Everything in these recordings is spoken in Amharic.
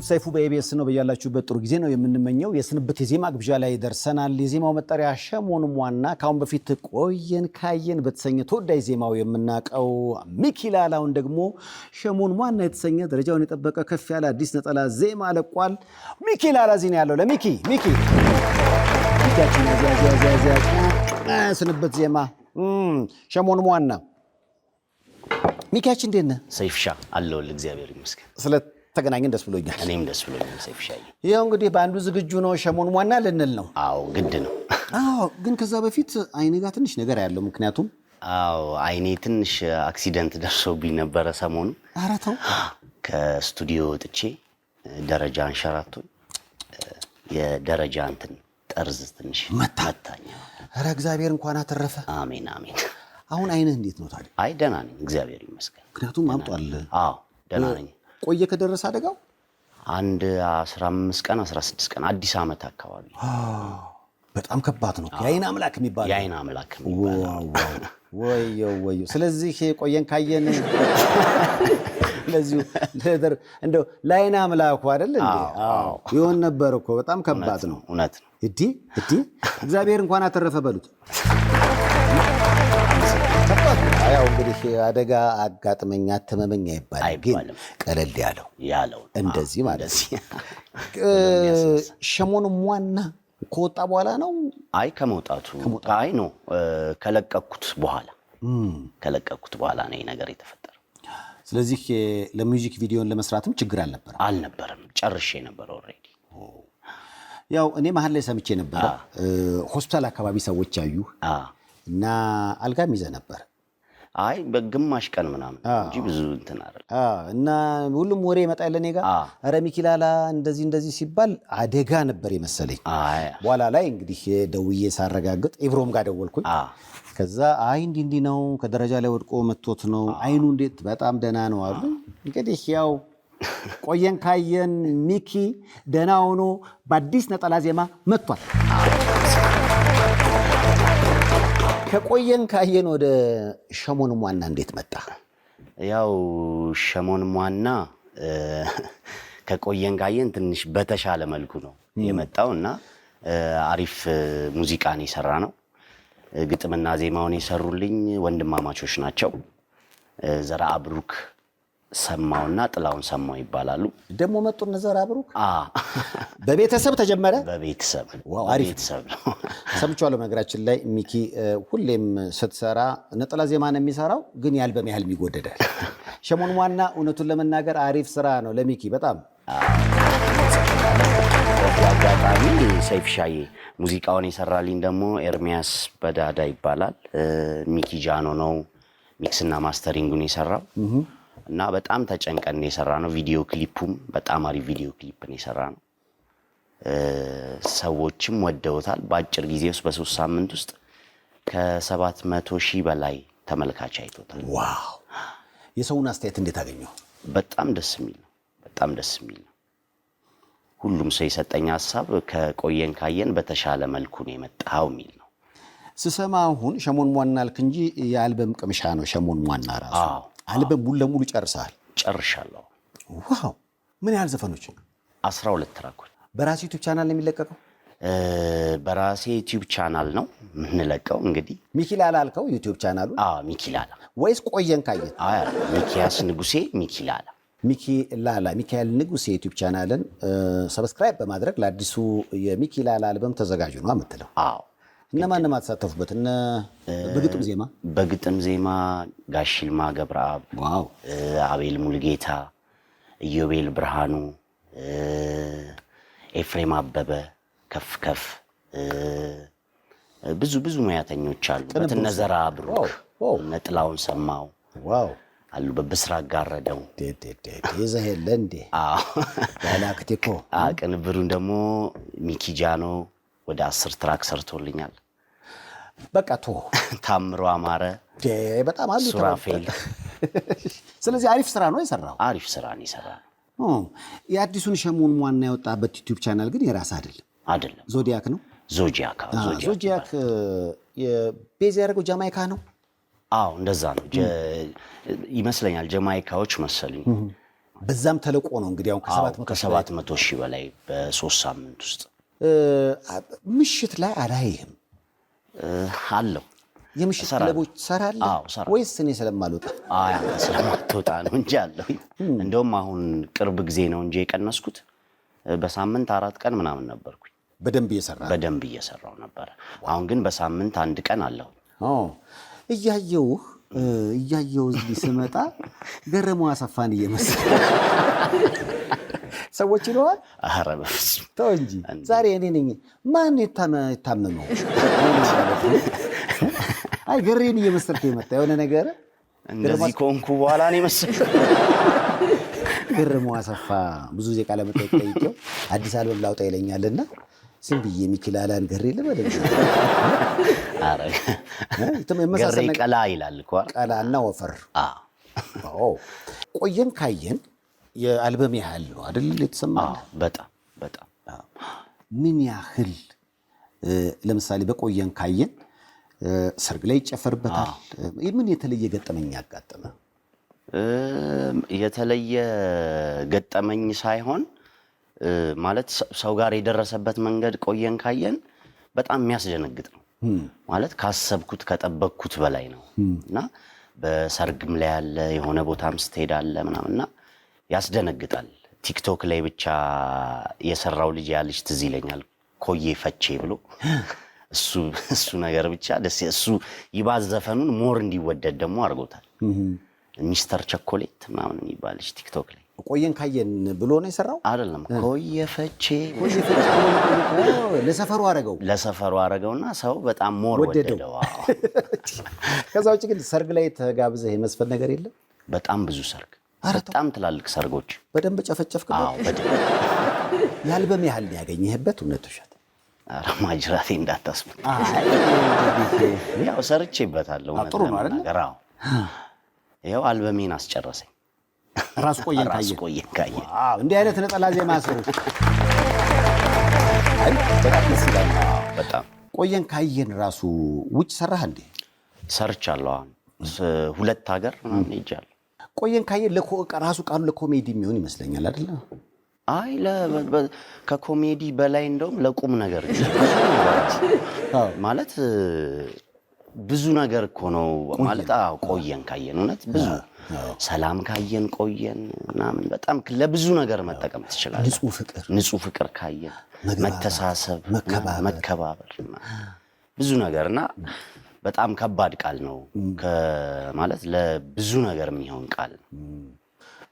የምትመለከቱት ሰይፉ በኢቢኤስ ነው። በያላችሁበት ጥሩ ጊዜ ነው የምንመኘው። የስንብት የዜማ ግብዣ ላይ ደርሰናል። የዜማው መጠሪያ ሸሞንም ዋና ከአሁን በፊት ቆየን ካየን በተሰኘ ተወዳጅ ዜማው የምናውቀው ሚኪ ላላውን ደግሞ ሸሞን ዋና የተሰኘ ደረጃውን የጠበቀ ከፍ ያለ አዲስ ነጠላ ዜማ ለቋል። ሚኪ ላላ ዜና ያለው ለሚኪ ሚኪ ስንብት ዜማ ሸሞንም ዋና ሚኪያችን እንዴት ነህ? ሰይፍሻ አለሁልህ። እግዚአብሔር ይመስገን። ተገናኘን፣ ደስ ብሎኛል። እኔም ደስ ብሎኛል ሰይፍሻዬ። ይኸው እንግዲህ በአንዱ ዝግጁ ነው፣ ሸሞን ዋና ልንል ነው። አዎ ግድ ነው። አዎ ግን ከዛ በፊት አይኔ ጋር ትንሽ ነገር ያለው ምክንያቱም አዎ አይኔ ትንሽ አክሲደንት ደርሶብኝ ነበረ ሰሞኑ። ኧረ ተው ከስቱዲዮ ወጥቼ ደረጃ አንሸራቶኝ የደረጃ እንትን ጠርዝ ትንሽ መታኝ። ኧረ እግዚአብሔር እንኳን አተረፈ። አሜን አሜን። አሁን አይንህ እንዴት ነው ታዲያ? አይ ደህና ነኝ እግዚአብሔር ይመስገን። ምክንያቱም አምጧል። አዎ ደህና ነኝ። ቆየ ከደረሰ አደጋው? አንድ 15 ቀን 16 ቀን አዲስ ዓመት አካባቢ። በጣም ከባድ ነው። የአይን አምላክ የሚባለው የአይን አምላክ ወየው ወየው። ስለዚህ ቆየን ካየን ለዚሁ እንደው ለአይን አምላኩ አይደል እንዴ? ይሆን ነበር እኮ በጣም ከባድ ነው። እውነት ነው። እግዚአብሔር እንኳን አተረፈ በሉት። ያው እንግዲህ አደጋ አጋጥመኛ አተመመኛ ይባላል፣ ግን ቀለል ያለው ያለው እንደዚህ ማለት ሸሞንም ዋና ከወጣ በኋላ ነው። አይ ከመውጣቱ አይ ነው ከለቀኩት በኋላ ከለቀኩት በኋላ ነው ነገር የተፈጠረው። ስለዚህ ለሚውዚክ ቪዲዮን ለመስራትም ችግር አልነበረም አልነበረም። ጨርሼ ነበር ኦልሬዲ። ያው እኔ መሀል ላይ ሰምቼ ነበረ ሆስፒታል አካባቢ ሰዎች አዩ እና አልጋም ይዘ ነበር አይ በግማሽ ቀን ምናምን እንጂ ብዙ እንትን አይደል እና ሁሉም ወሬ ይመጣል እኔ ጋ ኧረ ሚኪላላ እንደዚህ እንደዚህ ሲባል አደጋ ነበር የመሰለኝ። በኋላ ላይ እንግዲህ ደውዬ ሳረጋግጥ ኤብሮም ጋር ደወልኩኝ። ከዛ አይ እንዲህ እንዲህ ነው ከደረጃ ላይ ወድቆ መቶት ነው አይኑ እንዴት በጣም ደህና ነው አሉ። እንግዲህ ያው ቆየን ካየን ሚኪ ደህና ሆኖ በአዲስ ነጠላ ዜማ መጥቷል። ከቆየን ካየን ወደ ሸሞን ሟና እንዴት መጣ? ያው ሸሞን ሟና ከቆየን ካየን ትንሽ በተሻለ መልኩ ነው የመጣው እና አሪፍ ሙዚቃን የሰራ ነው። ግጥምና ዜማውን የሰሩልኝ ወንድማማቾች ናቸው ዘራ አብሩክ ሰማውና ጥላውን ሰማው ይባላሉ። ደግሞ መጡ እነ አብሩ በቤተሰብ ተጀመረ። በቤተሰብ ቤተሰብ ነው ሰምቼዋለሁ። ላይ ሚኪ ሁሌም ስትሰራ ነጠላ ዜማ ነው የሚሰራው፣ ግን ያህል ያህል ይጎደዳል ሸሞን ዋና እውነቱን ለመናገር አሪፍ ስራ ነው ለሚኪ በጣም አጋጣሚ ሰይፍ ሻዬ ሙዚቃውን የሰራልኝ ደግሞ ኤርሚያስ በዳዳ ይባላል። ሚኪ ጃኖ ነው ሚክስና ማስተሪንጉን የሰራው እና በጣም ተጨንቀን የሰራ ነው። ቪዲዮ ክሊፑም በጣም አሪፍ ቪዲዮ ክሊፕን የሰራ ነው። ሰዎችም ወደውታል። በአጭር ጊዜ ውስጥ በሶስት ሳምንት ውስጥ ከሰባት መቶ ሺህ በላይ ተመልካች አይቶታል። ዋው! የሰውን አስተያየት እንዴት አገኘው? በጣም ደስ የሚል ነው። በጣም ደስ የሚል ነው። ሁሉም ሰው የሰጠኝ ሀሳብ ከቆየን ካየን በተሻለ መልኩ ነው የመጣው የሚል ነው። ስሰማ አሁን ሸሞን ሟና አልክ እንጂ የአልበም ቅምሻ ነው ሸሞን ሟና ራሱ አልበም ሙሉ ለሙሉ ጨርሰሃል? ጨርሻለሁ። ዋው! ምን ያህል ዘፈኖች? አስራ ሁለት ትራኮች። በራሴ ዩቲዩብ ቻናል ነው የሚለቀቀው? በራሴ ዩቲዩብ ቻናል ነው የምንለቀው። እንግዲህ ሚኪላላ አልከው ዩቲዩብ ቻናሉ? አዎ ሚኪላላ። ወይስ ቆየን ካየት? አይ ሚኪያስ ንጉሴ ሚኪላላ ሚኪ ላላ ሚካኤል ንጉስ የዩቲዩብ ቻናልን ሰብስክራይብ በማድረግ ለአዲሱ የሚኪ ላላ አልበም ተዘጋጁ ነው የምትለው? አዎ እነማን እነማን ተሳተፉበት? እነ በግጥም ዜማ በግጥም ዜማ ጋሽ ገብረአብ፣ አቤል ሙልጌታ፣ ኢዮቤል ብርሃኑ፣ ኤፍሬም አበበ፣ ከፍ ከፍ ብዙ ብዙ ሙያተኞች አሉ። እነ ብሩክ፣ ነጥላውን ሰማው አሉ በብስራ ጋረደው ይዘሄለ እንዴ ቅንብሩን ደግሞ ሚኪጃኖ ወደ አስር ትራክ ሰርቶልኛል። በቃ ቶ ታምሮ አማረ በጣም አሉ ሱራፌል። ስለዚህ አሪፍ ስራ ነው የሰራው። አሪፍ ስራ ነው የሰራው። የአዲሱን ሸሙን ዋና ያወጣበት ዩቲዩብ ቻናል ግን የራስ አይደለም። አይደለም ዞዲያክ ነው። ዞዲያክ ዞዲያክ ቤዝ ያደረገው ጃማይካ ነው። አዎ እንደዛ ነው ይመስለኛል። ጀማይካዎች መሰሉኝ። በዛም ተለቆ ነው እንግዲህ አሁን ከሰባት መቶ ሺህ በላይ በሶስት ሳምንት ውስጥ ምሽት ላይ አላይህም አለው። የምሽት ክለቦች ሰራለህ ወይስ እኔ ስለማልወጣ ስለማትወጣ ነው እንጂ አለው። እንደውም አሁን ቅርብ ጊዜ ነው እንጂ የቀነስኩት በሳምንት አራት ቀን ምናምን ነበርኩኝ። በደንብ እየሰራ በደንብ እየሰራው ነበረ። አሁን ግን በሳምንት አንድ ቀን አለው። እያየውህ እያየው እዚህ ስመጣ ገረመው አሰፋን እየመሰለ ሰዎች ይለዋል። ኧረ በፍፁም ተው እንጂ ዛሬ እኔ ነኝ። ማን የታመመው? አይ ግሬን እየመሰልክ የመጣ የሆነ ነገር እንደዚህ ከሆንኩ በኋላ ነው የመሰልክ። ግርሙ አሰፋ ብዙ ጊዜ ቃለ መጠይቅ ጠይቄው አዲስ አልበም ላውጣ ይለኛልና ስም ብዬ የሚችላላን ገሬ ልበል ቀላ ይላል። ቀላ እና ወፈር ቆየን ካየን የአልበም ያህል ነው አይደል? የተሰማ በጣም በጣም ምን ያህል ለምሳሌ በቆየን ካየን ሰርግ ላይ ይጨፈርበታል። ምን የተለየ ገጠመኝ ያጋጠመ? የተለየ ገጠመኝ ሳይሆን ማለት ሰው ጋር የደረሰበት መንገድ ቆየን ካየን በጣም የሚያስደነግጥ ነው ማለት ካሰብኩት ከጠበቅኩት በላይ ነው እና በሰርግም ላይ ያለ የሆነ ቦታም ስትሄዳለ ምናምንና ያስደነግጣል። ቲክቶክ ላይ ብቻ የሰራው ልጅ ያ ልጅ ትዝ ይለኛል፣ ኮዬ ፈቼ ብሎ እሱ ነገር ብቻ ደስ እሱ ይባዝ ዘፈኑን ሞር እንዲወደድ ደግሞ አድርጎታል። ሚስተር ቸኮሌት ምናምን የሚባል ልጅ ቲክቶክ ላይ ቆየን ካየን ብሎ ነው የሰራው አይደለም። ኮየ ፈቼ ለሰፈሩ አረገው ለሰፈሩ አረገውና ሰው በጣም ሞር ወደደው። ከዛ ውጭ ግን ሰርግ ላይ ተጋብዘህ የመዝፈን ነገር የለም። በጣም ብዙ ሰርግ በጣም ትላልቅ ሰርጎች በደንብ ጨፈጨፍክ። የአልበም ያህል ያገኘህበት እውነት ውሸት? ኧረ ማጅራቴ እንዳታስብ። ያው ሰርቼበታለሁ። ጥሩ ነው። ይኸው አልበሜን አስጨረሰኝ። ራስ ቆየን ካየ ቆየን ካየ እንዲህ አይነት ነጠላ ዜማ ስሩ በጣም ቆየን ካየን ራሱ ውጭ ሰራህ እንዴ? ሰርቻለሁ። ሁለት ሀገር ምናምን ሄጃለሁ ቆየን ካየን ራሱ ቃሉ ለኮሜዲ የሚሆን ይመስለኛል አይደለ? አይ ከኮሜዲ በላይ እንደውም ለቁም ነገር ማለት ብዙ ነገር እኮ ነው ማለት። ቆየን ካየን እውነት ብዙ ሰላም ካየን ቆየን ምናምን በጣም ለብዙ ነገር መጠቀም ትችላለህ። ንጹህ ፍቅር ንጹህ ፍቅር ካየን መተሳሰብ፣ መከባበር ብዙ ነገር እና በጣም ከባድ ቃል ነው ማለት ለብዙ ነገር የሚሆን ቃል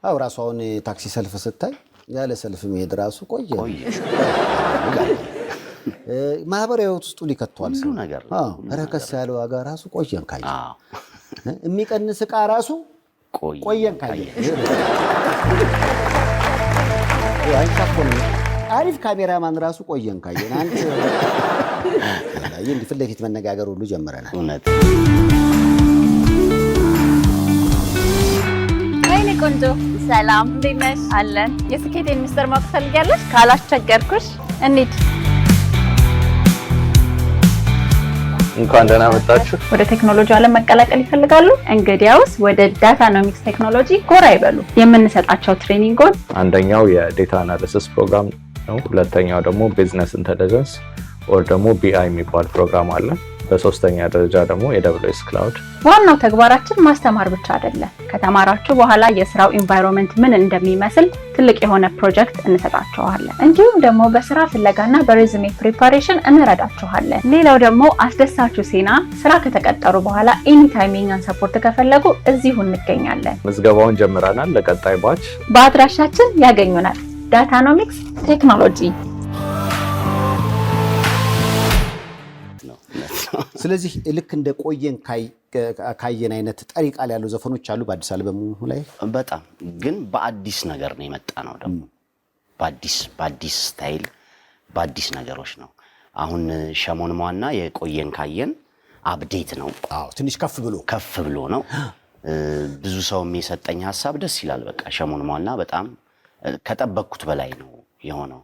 አው ራሱ አሁን የታክሲ ሰልፍ ስታይ ያለ ሰልፍ መሄድ ራሱ ቆየ ማህበራዊ ህይወት ውስጡ ሊከተዋል ሁሉ ነገር ረከስ ያለ ዋጋ ራሱ ቆየን ካየ የሚቀንስ ዕቃ ራሱ ቆየን ካየ አሪፍ ካሜራማን ራሱ ቆየን ካየን እየተለያየ እንዲህ ፊት ለፊት መነጋገር ሁሉ ጀምረናል። እውነት ወይኔ ቆንጆ ሰላም፣ እንዴት ነሽ? አለን። የስኬቴን ሚስጥር ማወቅ ትፈልጊያለሽ? ካላስቸገርኩሽ እንሂድ። እንኳን ደህና መጣችሁ። ወደ ቴክኖሎጂ ዓለም መቀላቀል ይፈልጋሉ? እንግዲያውስ ወደ ዳታኖሚክስ ቴክኖሎጂ ጎራ ይበሉ። የምንሰጣቸው ትሬኒንጎች አንደኛው የዴታ አናሊሲስ ፕሮግራም ነው። ሁለተኛው ደግሞ ቢዝነስ ኢንተለጀንስ ኦር ደግሞ ቢአይ የሚባል ፕሮግራም አለ። በሶስተኛ ደረጃ ደግሞ የደብሎስ ክላውድ። ዋናው ተግባራችን ማስተማር ብቻ አይደለም። ከተማራችሁ በኋላ የስራው ኢንቫይሮንመንት ምን እንደሚመስል ትልቅ የሆነ ፕሮጀክት እንሰጣችኋለን። እንዲሁም ደግሞ በስራ ፍለጋና በሬዝሜ ፕሪፓሬሽን እንረዳችኋለን። ሌላው ደግሞ አስደሳችሁ ዜና ስራ ከተቀጠሩ በኋላ ኤኒታይም የኛን ሰፖርት ከፈለጉ እዚሁ እንገኛለን። ምዝገባውን ጀምረናል። ለቀጣይ ባች በአድራሻችን ያገኙናል። ዳታኖሚክስ ቴክኖሎጂ ስለዚህ ልክ እንደ ቆየን ካየን አይነት ጠሪ ቃል ያለው ዘፈኖች አሉ በአዲስ አልበሙ ላይ በጣም ግን በአዲስ ነገር ነው የመጣ ነው ደግሞ በአዲስ በአዲስ ስታይል በአዲስ ነገሮች ነው። አሁን ሸሞን ሟና የቆየን ካየን አብዴት ነው። ትንሽ ከፍ ብሎ ከፍ ብሎ ነው። ብዙ ሰውም የሰጠኝ ሀሳብ ደስ ይላል። በቃ ሸሞን ሟና በጣም ከጠበቅኩት በላይ ነው የሆነው።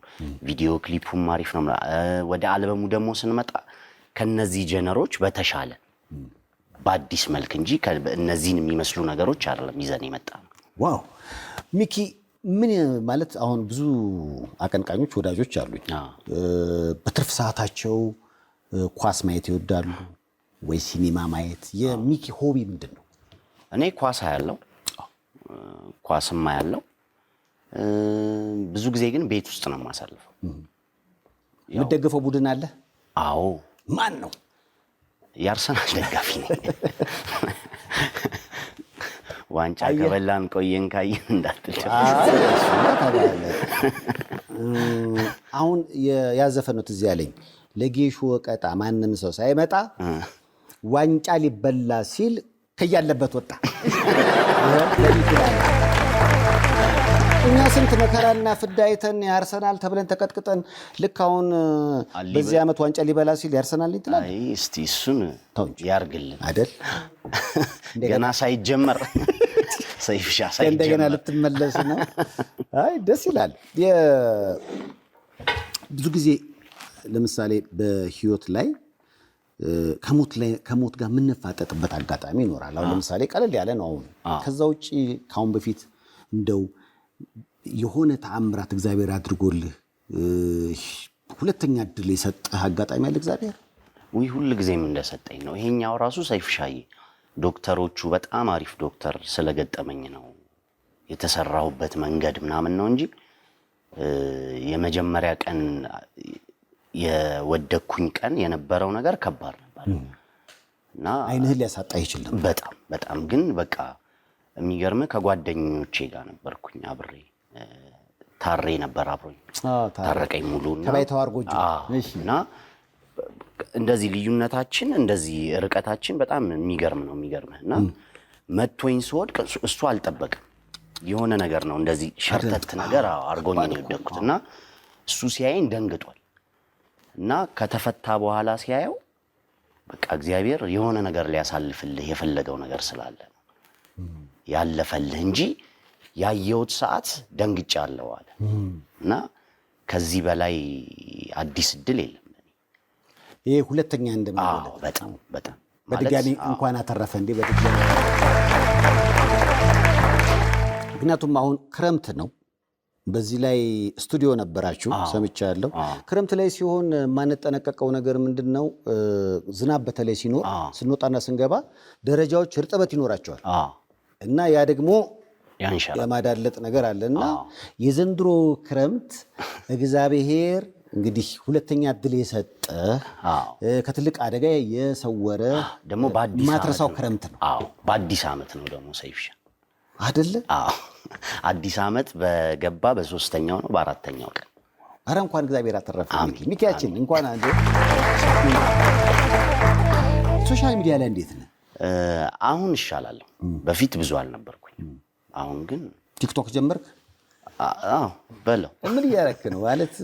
ቪዲዮ ክሊፑም አሪፍ ነው። ወደ አልበሙ ደግሞ ስንመጣ ከነዚህ ጀነሮች በተሻለ በአዲስ መልክ እንጂ እነዚህን የሚመስሉ ነገሮች አይደለም ይዘን የመጣ ነው። ዋው ሚኪ ምን ማለት አሁን ብዙ አቀንቃኞች ወዳጆች አሉኝ። በትርፍ ሰዓታቸው ኳስ ማየት ይወዳሉ ወይ ሲኒማ ማየት? የሚኪ ሆቢ ምንድን ነው? እኔ ኳስ ያለው ኳስም አያለው። ብዙ ጊዜ ግን ቤት ውስጥ ነው የማሳልፈው። የምትደግፈው ቡድን አለ? አዎ ማን ነው? የአርሰናል ደጋፊ ነኝ። ዋንጫ ከበላን ቆየን ካየን እንዳትል። አሁን ያዘፈን ነው ያለኝ። ለጌሾ ቀጣ ማንም ሰው ሳይመጣ ዋንጫ ሊበላ ሲል ከያለበት ወጣ። እኛ ስንት መከራና ፍዳ አይተን የአርሰናል ተብለን ተቀጥቅጠን ልክ አሁን በዚህ ዓመት ዋንጫ ሊበላ ሲል የአርሰናል ትላል። እስቲ እሱን ያርግልን አይደል? ገና ሳይጀመር ሰይፍሻ እንደገና ልትመለስ ነው። አይ ደስ ይላል። ብዙ ጊዜ ለምሳሌ በህይወት ላይ ከሞት ጋር የምንፋጠጥበት አጋጣሚ ይኖራል። አሁን ለምሳሌ ቀለል ያለ ነው አሁን። ከዛ ውጭ ከአሁን በፊት እንደው የሆነ ተአምራት እግዚአብሔር አድርጎልህ ሁለተኛ እድል የሰጠህ አጋጣሚ አለ እግዚአብሔር? ውይ ሁል ጊዜም እንደሰጠኝ ነው። ይሄኛው ራሱ ሰይፍ ዶክተሮቹ በጣም አሪፍ ዶክተር ስለገጠመኝ ነው የተሰራሁበት መንገድ ምናምን ነው እንጂ የመጀመሪያ ቀን የወደኩኝ ቀን የነበረው ነገር ከባድ ነበር እና አይንህን ሊያሳጣ አይችልም። በጣም በጣም ግን በቃ የሚገርም ከጓደኞቼ ጋር ነበርኩኝ አብሬ ታሬ ነበር አብሮኝ ታረቀኝ ሙሉ እና እንደዚህ ልዩነታችን እንደዚህ ርቀታችን በጣም የሚገርም ነው። የሚገርምህ እና መቶኝ ስወድቅ እሱ አልጠበቅም የሆነ ነገር ነው እንደዚህ ሸርተት ነገር አርጎኝ ነው የወደቅኩት እና እሱ ሲያየኝ ደንግጧል እና ከተፈታ በኋላ ሲያየው በቃ እግዚአብሔር የሆነ ነገር ሊያሳልፍልህ የፈለገው ነገር ስላለ ነው ያለፈልህ እንጂ ያየሁት ሰዓት ደንግጫለሁ አለ እና ከዚህ በላይ አዲስ እድል የለም። ይሄ ሁለተኛ እንደምንለው በጣም በጣም በድጋሚ እንኳን አተረፈ እንዴ! በድጋሚ ምክንያቱም አሁን ክረምት ነው። በዚህ ላይ ስቱዲዮ ነበራችሁ ያለው ክረምት ላይ ሲሆን የማንጠነቀቀው ነገር ምንድን ነው? ዝናብ በተለይ ሲኖር ስንወጣና ስንገባ ደረጃዎች እርጥበት ይኖራቸዋል። እና ያ ደግሞ የማዳለጥ ነገር አለ እና የዘንድሮ ክረምት እግዚአብሔር እንግዲህ ሁለተኛ እድል የሰጠ ከትልቅ አደጋ የሰወረ ደግሞ ማትረሳው ክረምት ነው። በአዲስ ዓመት ነው ደግሞ ሰይፍሻ አደለ? አዲስ ዓመት በገባ በሶስተኛው ነው በአራተኛው ቀን አረ እንኳን እግዚአብሔር አተረፈ ሚኪያችን እንኳን አንዴ ሶሻል ሚዲያ ላይ እንዴት ነህ? አሁን ይሻላል። በፊት ብዙ አልነበርኩኝ። አሁን ግን ቲክቶክ ጀመርክ? አዎ በለው። ምን እያረክ ነው ማለት?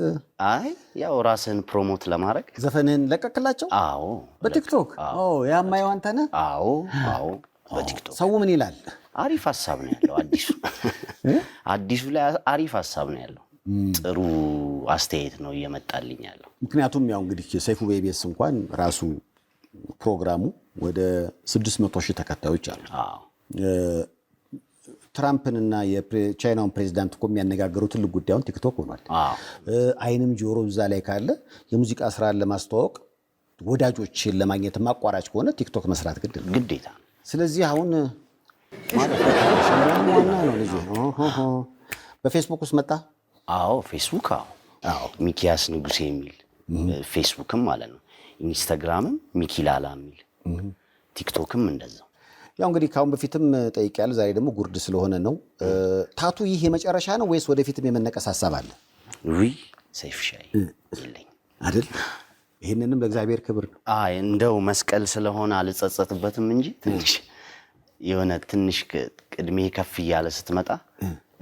አይ ያው ራስህን ፕሮሞት ለማድረግ ዘፈንህን ለቀክላቸው? አዎ በቲክቶክ ያማየው አንተ አዎ አዎ በቲክቶክ ሰው ምን ይላል? አሪፍ ሀሳብ ነው ያለው። አዲሱ አዲሱ ላይ አሪፍ ሀሳብ ነው ያለው። ጥሩ አስተያየት ነው እየመጣልኝ ያለው። ምክንያቱም ያው እንግዲህ ሰይፉ በኢቢኤስ እንኳን ራሱ ፕሮግራሙ ወደ 600 ሺህ ተከታዮች አሉ። ትራምፕንና የቻይናውን ፕሬዚዳንት እኮ የሚያነጋገሩ ትልቅ ጉዳዩን ቲክቶክ ሆኗል። አይንም ጆሮ እዛ ላይ ካለ የሙዚቃ ስራን ለማስተዋወቅ ወዳጆችን ለማግኘት ማቋራጭ ከሆነ ቲክቶክ መስራት ግዴታ። ስለዚህ አሁን ዋና ነው ልጅ በፌስቡክ ውስጥ መጣ። አዎ ፌስቡክ፣ አዎ ሚኪያስ ንጉሴ የሚል ፌስቡክም ማለት ነው። ኢንስታግራምም ሚኪላላ የሚል ቲክቶክም እንደዛው። ያው እንግዲህ ከአሁን በፊትም ጠይቄያለሁ፣ ዛሬ ደግሞ ጉርድ ስለሆነ ነው። ታቱ ይህ የመጨረሻ ነው ወይስ ወደፊትም የመነቀስ ሀሳብ አለ? ውይ ሰይፍ ሻይ የለኝ አይደል? ይህንንም ለእግዚአብሔር ክብር ነው። እንደው መስቀል ስለሆነ አልጸጸትበትም እንጂ ትንሽ የሆነ ትንሽ ቅድሜ ከፍ እያለ ስትመጣ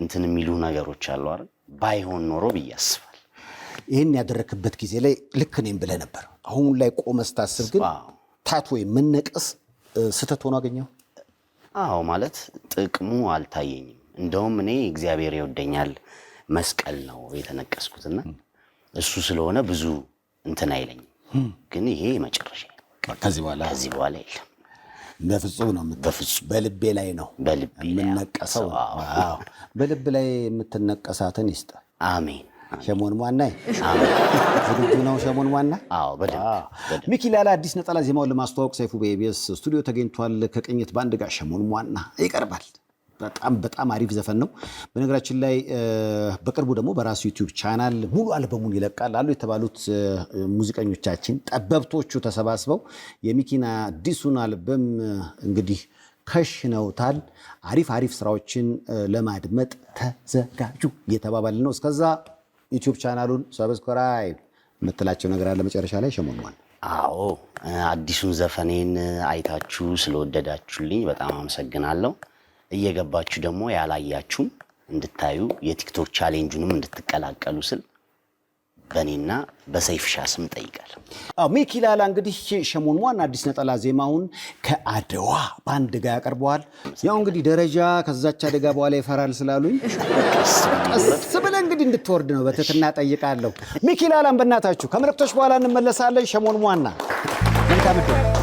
እንትን የሚሉ ነገሮች አሉ አይደል? ባይሆን ኖሮ ብዬ አስባለሁ። ይህን ያደረክበት ጊዜ ላይ ልክ ነኝ ብለህ ነበር። አሁን ላይ ቆመ ስታስብ ግን መምታት ወይም መነቀስ ስህተት ሆኖ አገኘው? አዎ፣ ማለት ጥቅሙ አልታየኝም። እንደውም እኔ እግዚአብሔር ይወደኛል መስቀል ነው የተነቀስኩትና እሱ ስለሆነ ብዙ እንትን አይለኝም። ግን ይሄ መጨረሻ ከዚህ በኋላ ከዚህ በኋላ የለም። በፍጹም ነው። በልቤ ላይ ነው የምነቀሰው። በልብ ላይ የምትነቀሳትን ይስጥ። አሜን። ሸሞን ዋና ዝግጁ ነው። ሸሞን ዋና ሚኪላላ አዲስ ነጠላ ዜማውን ለማስተዋወቅ ሰይፉ በኢቢኤስ ስቱዲዮ ተገኝቷል። ከቅኝት በአንድ ጋር ሸሞን ዋና ይቀርባል። በጣም በጣም አሪፍ ዘፈን ነው። በነገራችን ላይ በቅርቡ ደግሞ በራሱ ዩቲዩብ ቻናል ሙሉ አልበሙን ይለቃል አሉ የተባሉት ሙዚቀኞቻችን ጠበብቶቹ ተሰባስበው የሚኪና አዲሱን አልበም እንግዲህ ከሽነውታል። አሪፍ አሪፍ ስራዎችን ለማድመጥ ተዘጋጁ እየተባባል ነው እስከዛ ዩቲዩብ ቻናሉን ሰብስክራይብ የምትላቸው ነገር አለ መጨረሻ ላይ ሸሞኗል። አዎ አዲሱን ዘፈኔን አይታችሁ ስለወደዳችሁልኝ በጣም አመሰግናለሁ። እየገባችሁ ደግሞ ያላያችሁም እንድታዩ የቲክቶክ ቻሌንጁንም እንድትቀላቀሉ ስል በእኔና በሰይፍ ስም ጠይቃል። ሚኪ ላላ እንግዲህ ሸሞን ዋና አዲስ ነጠላ ዜማውን ከአድዋ ባንድ ጋር ያቀርበዋል። ያው እንግዲህ ደረጃ ከዛች አደጋ በኋላ ይፈራል ስላሉኝ ቀስ ብለህ እንግዲህ እንድትወርድ ነው በትህትና ጠይቃለሁ። ሚኪ ላላን በእናታችሁ ከምልክቶች በኋላ እንመለሳለን። ሸሞን ዋና መልካም